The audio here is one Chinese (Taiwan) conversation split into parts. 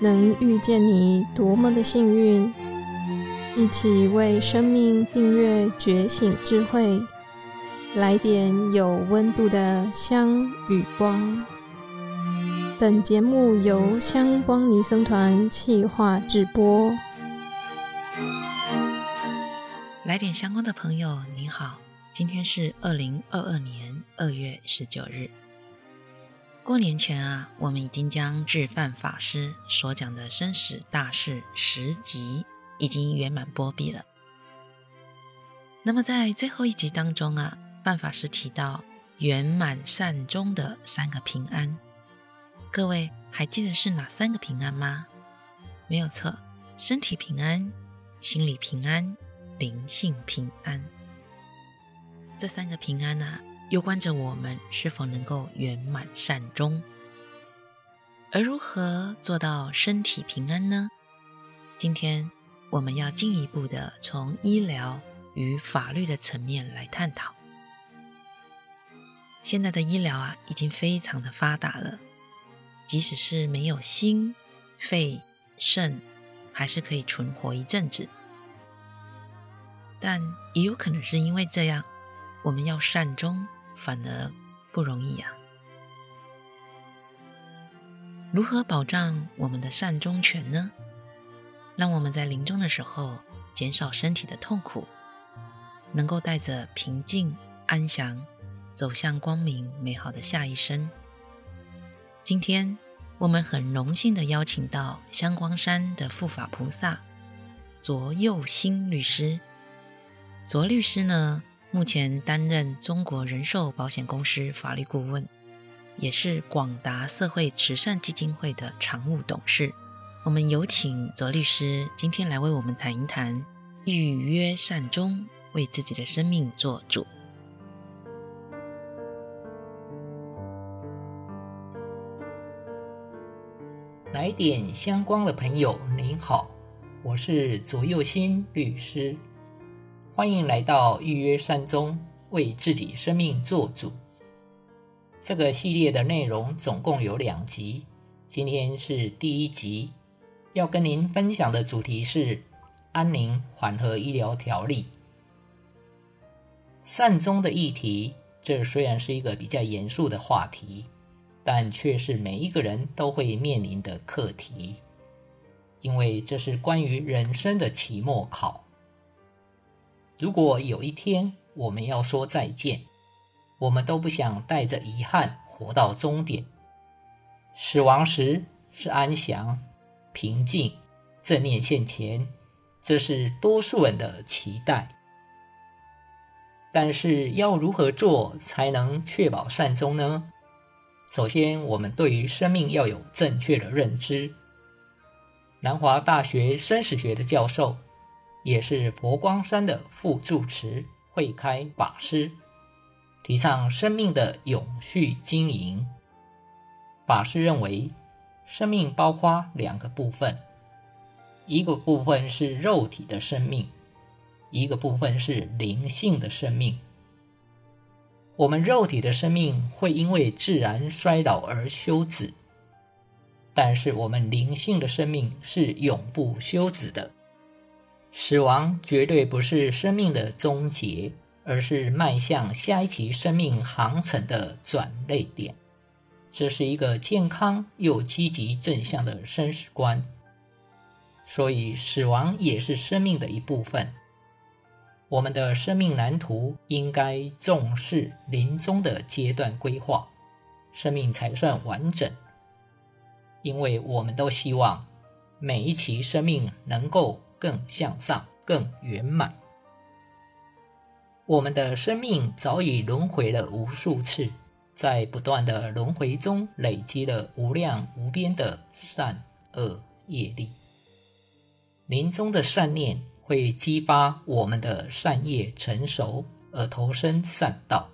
能遇見你多麼的幸運！一起為生命訂閱覺,覺醒智慧，來點有溫度的香與光。本節目由香光尼僧團企劃制播。來點香光的朋友，你好，今天是二零二二年二月十九日。過年前啊，我們已經將智範法師所講的生死大事十集已經圓滿播畢了。那麼在最後一集當中啊，範法師提到圓滿善終的三個平安，各位還記得是哪三個平安嗎？沒有錯，身體平安、心理平安、靈性平安。這三個平安啊。又關著我們是否能夠圓滿善終，而如何做到身體平安呢？今天我們要進一步的從醫療與法律的層面來探討。現在的醫療啊，已經非常的發達了，即使是沒有心、肺、腎，還是可以存活一陣子。但也有可能是因為這樣，我們要善終。反而不容易呀，啊。如何保障我們的善終權呢？讓我們在臨終的時候減少身體的痛苦，能夠帶着平靜安詳走向光明美好的下一生。今天我們很榮幸地邀請到香光山的護法菩薩卓祐薪律師。卓律師呢，目前擔任中國人壽保險公司法律顧問，也是廣達社會慈善基金會的常務董事。我們有請卓律師今天來為我們談一談預約善終，為自己的生命做主。來點香光的朋友您好，我是卓祐薪律師。歡迎來到預約善終，為自己生命做主。這個系列的內容總共有兩集，今天是第一集，要跟您分享的主題是《安寧緩和醫療條例》。善終的議題。這雖然是一個比較嚴肅的話題，但卻是每一個人都會面臨的課題，因為這是關於人生的期末考。如果有一天我們要說再見，我們都不想帶着遺憾活到終點。死亡時是安詳、平靜、正念現前，這是多數人的期待。但是要如何做才能確保善終呢？首先，我們對於生命要有正確的認知。南華大學生死學的教授。也是佛光山的副住持慧開法師提倡生命的永續經營。法師認為，生命包括兩個部分，一個部分是肉體的生命，一個部分是靈性的生命。我們肉體的生命會因為自然衰老而休止，但是我們靈性的生命是永不休止的。死亡絕對不是生命的終結，而是邁向下一期生命航程的轉捩點。這是一個健康又積極正向的生死觀，所以死亡也是生命的一部分。我們的生命藍圖應該重視臨終的階段規劃，生命才算完整。因為我們都希望每一期生命能夠。更向上，更圓滿。我們的生命早已輪迴了無數次，在不斷的輪迴中累積了無量無邊的善惡業力。臨終的善念會激發我們的善業成熟而投身善道，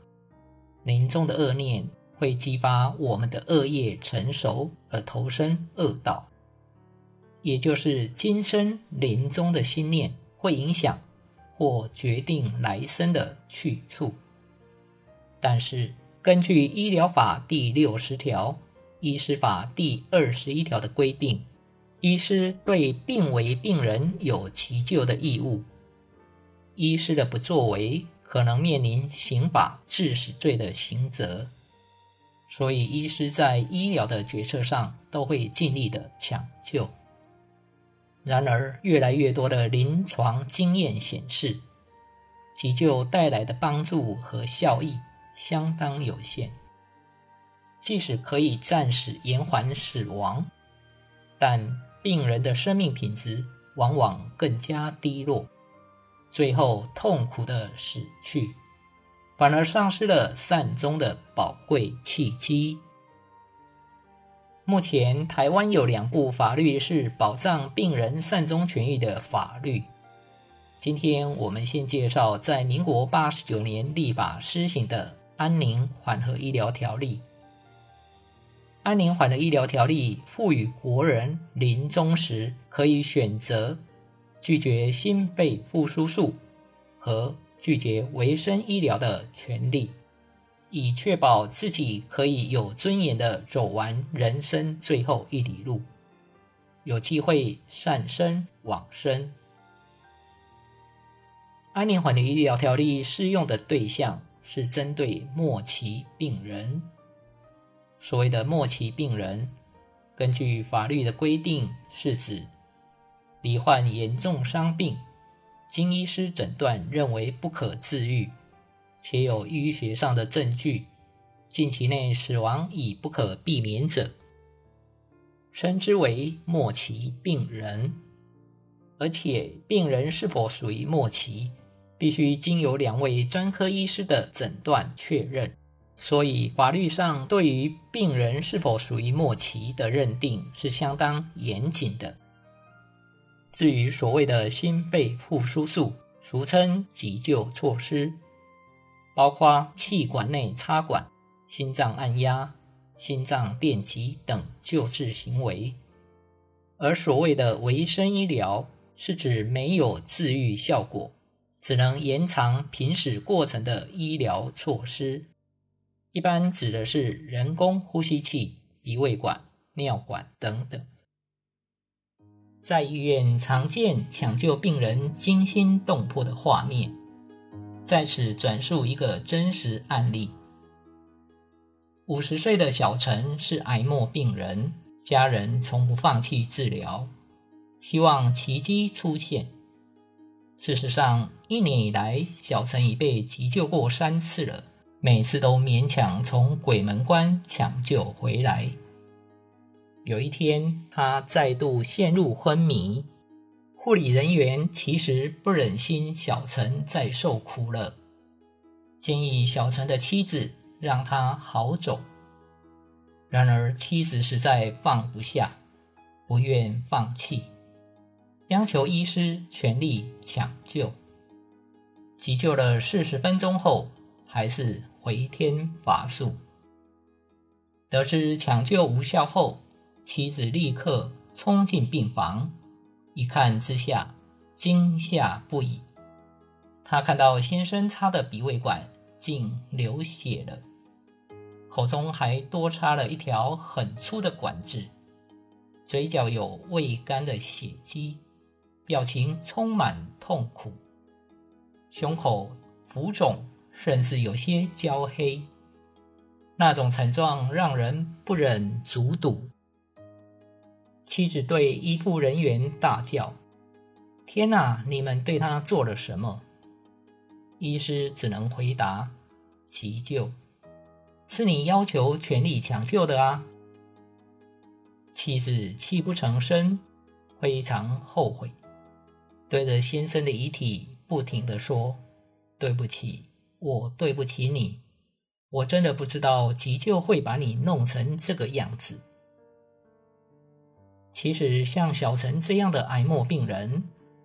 臨終的惡念會激發我們的惡業成熟而投身惡道。也就是今生臨終的心念會影響或決定來生的去處。但是根據醫療法第六十條、醫師法第二十一條的規定，醫師對病危病人有急救的義務。醫師的不作為可能面臨刑法致死罪的刑責，所以醫師在醫療的決策上都會盡力的搶救。然而，越來越多的臨床經驗顯示，急救帶來的幫助和效益相當有限。即使可以暫時延緩死亡，但病人的生命品質往往更加低落，最後痛苦地死去，反而喪失了善終的寶貴契機。目前，台灣有兩部法律是保障病人善終權益的法律。今天我們先介紹在民國八十九年立法施行的安寧緩和醫療條例《安寧緩和醫療條例》。《安寧緩和醫療條例》賦予國人臨終時可以選擇拒絕心肺復甦術和拒絕維生醫療的權利。以確保自己可以有尊嚴的走完人生最後一里路，有機會善生往生。安寧緩和醫療條例適用的對象是針對末期病人。所謂的末期病人，根據法律的規定，是指罹患嚴重傷病，經醫師診斷認為不可治癒。且有醫學上的證據，近期內死亡已不可避免者，稱之為末期病人。而且，病人是否屬於末期，必須經由兩位專科醫師的診斷確認。所以，法律上對於病人是否屬於末期的認定是相當嚴謹的。至於所謂的心肺復甦術，俗稱急救措施。包括氣管內插管、心臟按壓、心臟電擊等救治行為，而所謂的維生醫療是指沒有治癒效果，只能延長瀕死過程的醫療措施，一般指的是人工呼吸器、鼻胃管、尿管等等。在醫院，常見搶救病人驚心動魄的畫面。在此轉述一個真實案例：五十歲的小陳是癌末病人，家人從不放棄治療，希望奇蹟出現。事實上，一年以來，小陳已被急救過三次了，每次都勉強從鬼門關搶救回來。有一天，他再度陷入昏迷。護理人員其實不忍心小陳再受苦了，建議小陳的妻子讓他好走。然而妻子實在放不下，不願放棄，央求醫師全力搶救。急救了四十分鐘後，還是回天乏術。得知搶救無效後，妻子立刻衝進病房。一看之下，驚嚇不已。他看到先生插的鼻胃管竟流血了，口中還多插了一條很粗的管子，嘴角有未乾的血跡，表情充滿痛苦，胸口浮腫，甚至有些焦黑。那種慘狀讓人不忍卒睹。妻子對醫護人員大叫：“天哪！你們對他做了什麼？”醫師只能回答：“急救，是你要求全力搶救的啊。”妻子泣不成聲，非常後悔，對着先生的遺體不停地說：“對不起，我對不起你，我真的不知道急救會把你弄成這個樣子。”其實，像小陳這樣的癌末病人，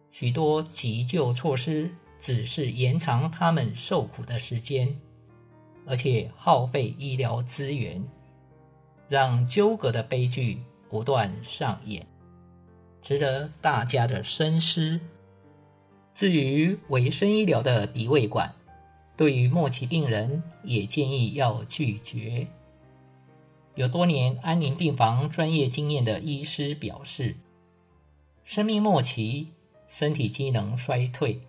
許多急救措施只是延長他們受苦的時間，而且耗費醫療資源，讓糾葛的悲劇不斷上演，值得大家的深思。至於維生醫療的鼻胃管，對於末期病人也建議要拒絕。有多年安寧病房專業經驗的醫師表示，生命末期身體機能衰退，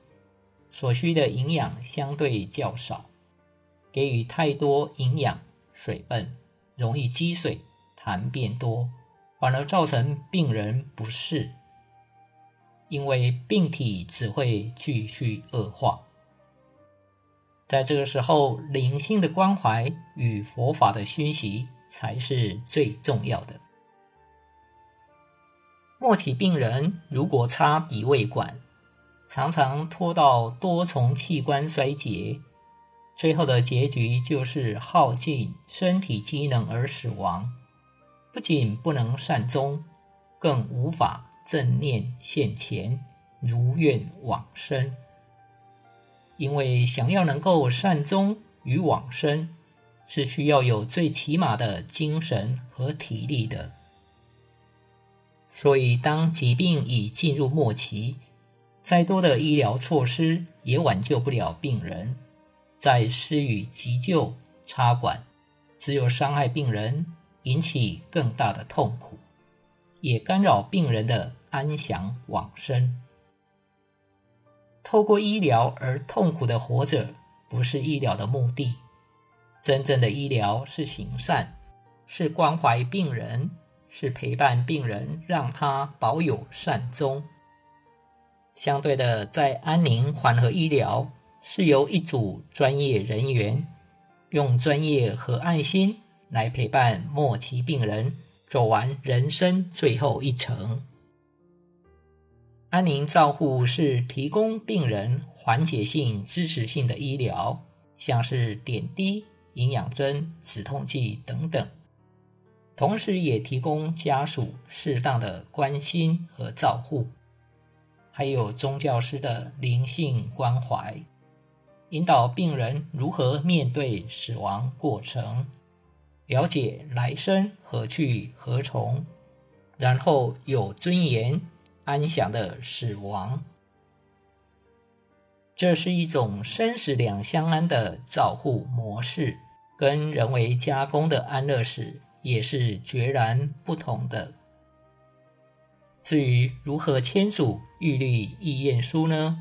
所需的營養相對較少，給予太多營養、水分容易積水、痰變多，反而造成病人不適，因為病體只會繼續惡化。在這個時候，靈性的關懷與佛法的熏習，才是最重要的。末期病人如果插鼻胃管，常常拖到多重器官衰竭，最後的結局就是耗盡身體機能而死亡。不僅不能善終，更無法正念現前，如願往生。因為想要能夠善終與往生，是需要有最起碼的精神和體力的。所以，當疾病已進入末期，再多的醫療措施也挽救不了病人。再施予急救、插管，只有傷害病人，引起更大的痛苦，也干擾病人的安詳往生。透過醫療而痛苦的活着，不是醫療的目的。真正的醫療是行善，是關懷病人，是陪伴病人，讓他保有善終。相對的，在安寧緩和醫療是由一組專業人員，用專業和愛心來陪伴末期病人走完人生最後一程。安寧照護是提供病人緩解性、支持性的醫療，像是點滴。營養針、止痛劑等等，同時也提供家屬適當的關心和照護，還有宗教師的靈性關懷，引導病人如何面對死亡過程，了解來生何去何從，然後有尊嚴、安詳的死亡。這是一種生死兩相安的照護模式，跟人為加工的安樂死也是截然不同的。至於如何簽署預立意願書呢？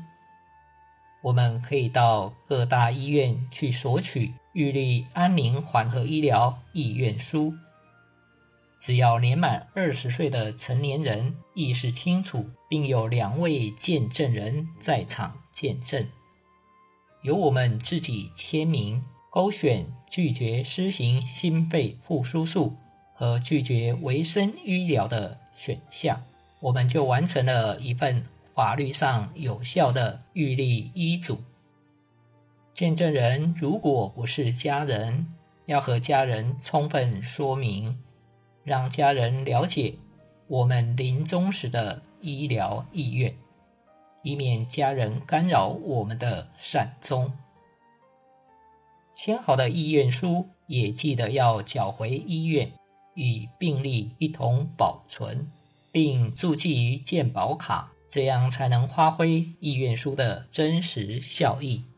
我們可以到各大醫院去索取預立安寧緩和醫療意願書。只要年滿二十歲的成年人意識清楚，並有兩位見證人在場見證，由我們自己簽名勾選拒絕施、施行心肺復甦術和拒絕維生醫療的選項，我們就完成了一份法律上有效的預立醫囑。見證人如果不是家人，要和家人充分說明。讓家人了解我們臨終時的醫療意願，以免家人干擾我們的善終。簽好的意願書也記得要繳回醫院，與病歷一同保存，並注記於健保卡，這樣才能發揮意願書的真實效益。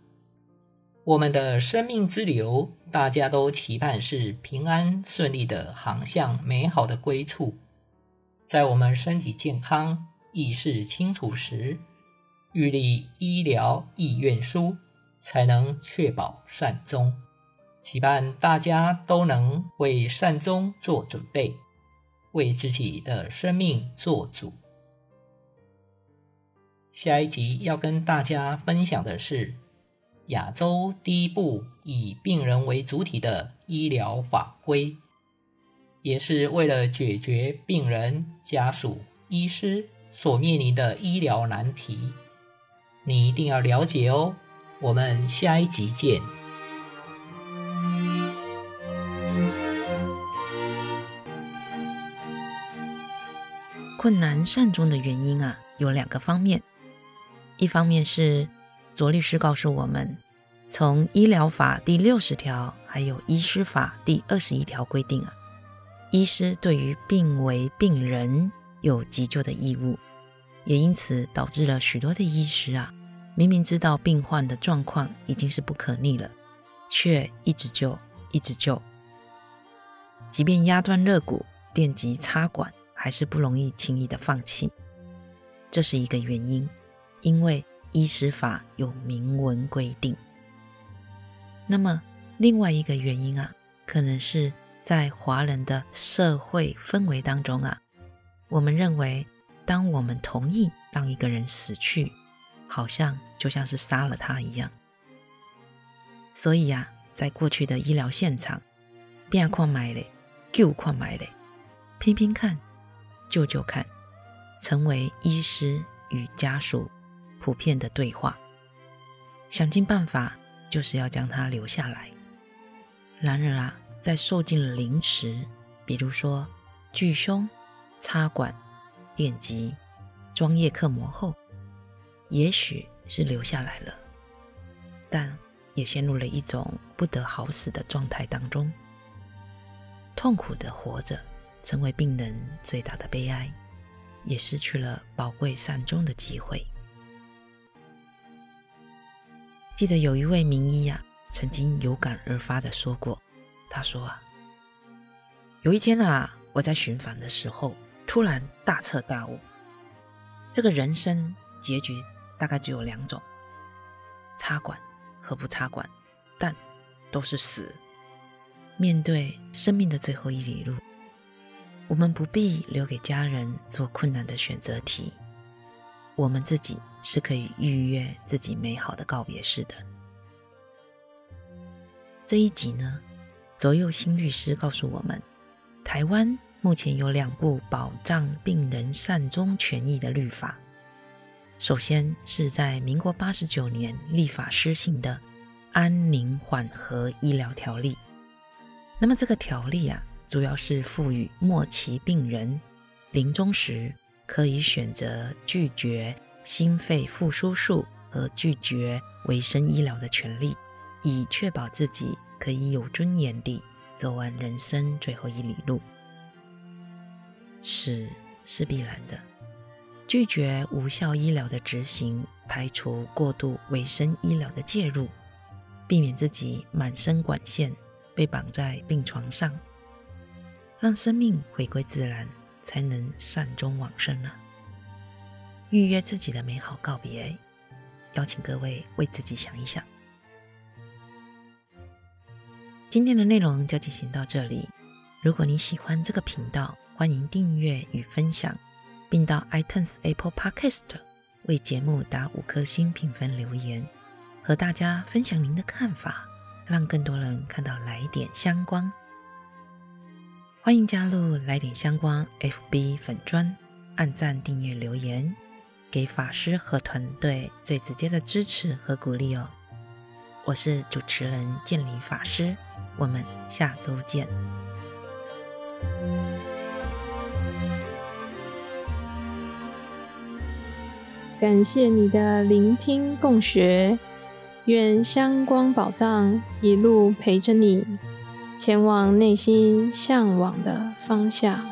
我們的生命之流，大家都期盼是平安順利的航向，美好的歸處。在我們身體健康、意識清楚時，預立醫療意願書，才能確保善終。期盼大家都能為善終做準備，為自己的生命做主。下一集要跟大家分享的是。亞洲第一部以病人為主體的醫療法規，也是為了解決病人、家屬、醫師所面臨的醫療難題。你一定要了解哦！我們下一集見。困難善終的原因啊，有兩個方面，一方面是。卓律師告訴我們，從醫療法第六十條，還有醫師法第二十一條規定啊，醫師對於病危病人有急救的義務，也因此導致了許多的醫師啊，明明知道病患的狀況已經是不可逆了，卻一直救，一直救，即便壓斷肋骨、電擊插管，還是不容易輕易的放棄，這是一個原因，因為。醫師法有明文規定。那麼另外一個原因啊，可能是在華人的社會氛圍當中啊，我們認為，當我們同意讓一個人死去，好像就像是殺了他一樣。所以啊，在過去的醫療現場，拼看覓咧，救看覓咧，拼拼看，救救看，成為醫師與家屬普遍的對話，想盡辦法就是要將他留下來。然而啊，在受盡了凌遲，比如說鋸胸、插管、電擊、裝葉克膜後，也許是留下來了，但也陷入了一種不得好死的狀態當中，痛苦的活着，成為病人最大的悲哀，也失去了寶貴善終的機會。記得有一位名醫呀啊，曾經有感而發的說過，他說啊，有一天啊，我在巡房的時候，突然大徹大悟，這個人生結局大概只有兩種，插管和不插管，但都是死。面對生命的最後一里路，我們不必留給家人做困難的選擇題。我們自己是可以預約自己美好的告別式的。這一集呢，卓祐薪律師告訴我們，台灣目前有兩部保障病人善終權益的律法。首先是在民國八十九年立法施行的《安寧緩和醫療條例》。那麼這個條例啊，主要是賦予末期病人臨終時，可以選擇拒絕心肺復甦術和拒絕維生醫療的權利，以確保自己可以有尊嚴地走完人生最後一里路。死是，是必然的，拒絕無效醫療的執行，排除過度維生醫療的介入，避免自己滿身管線被綁在病床上，讓生命回歸自然。才能善終往生呢？、啊。預約自己的美好告別，邀請各位為自己想一想。今天的內容就進行到這裡。如果你喜歡這個頻道，歡迎訂閱與分享，並到 iTunes、Apple Podcast 為節目打五顆星評分，留言，和大家分享您的看法，讓更多人看到來點香光。歡迎加入來點香光 FB 粉專，按讚、訂閱、留言，給法師和團隊最直接的支持和鼓勵哦！我是主持人建林法師，我們下周見。感謝你的聆聽共學，願香光寶藏一路陪着你。前往內心嚮往的方向。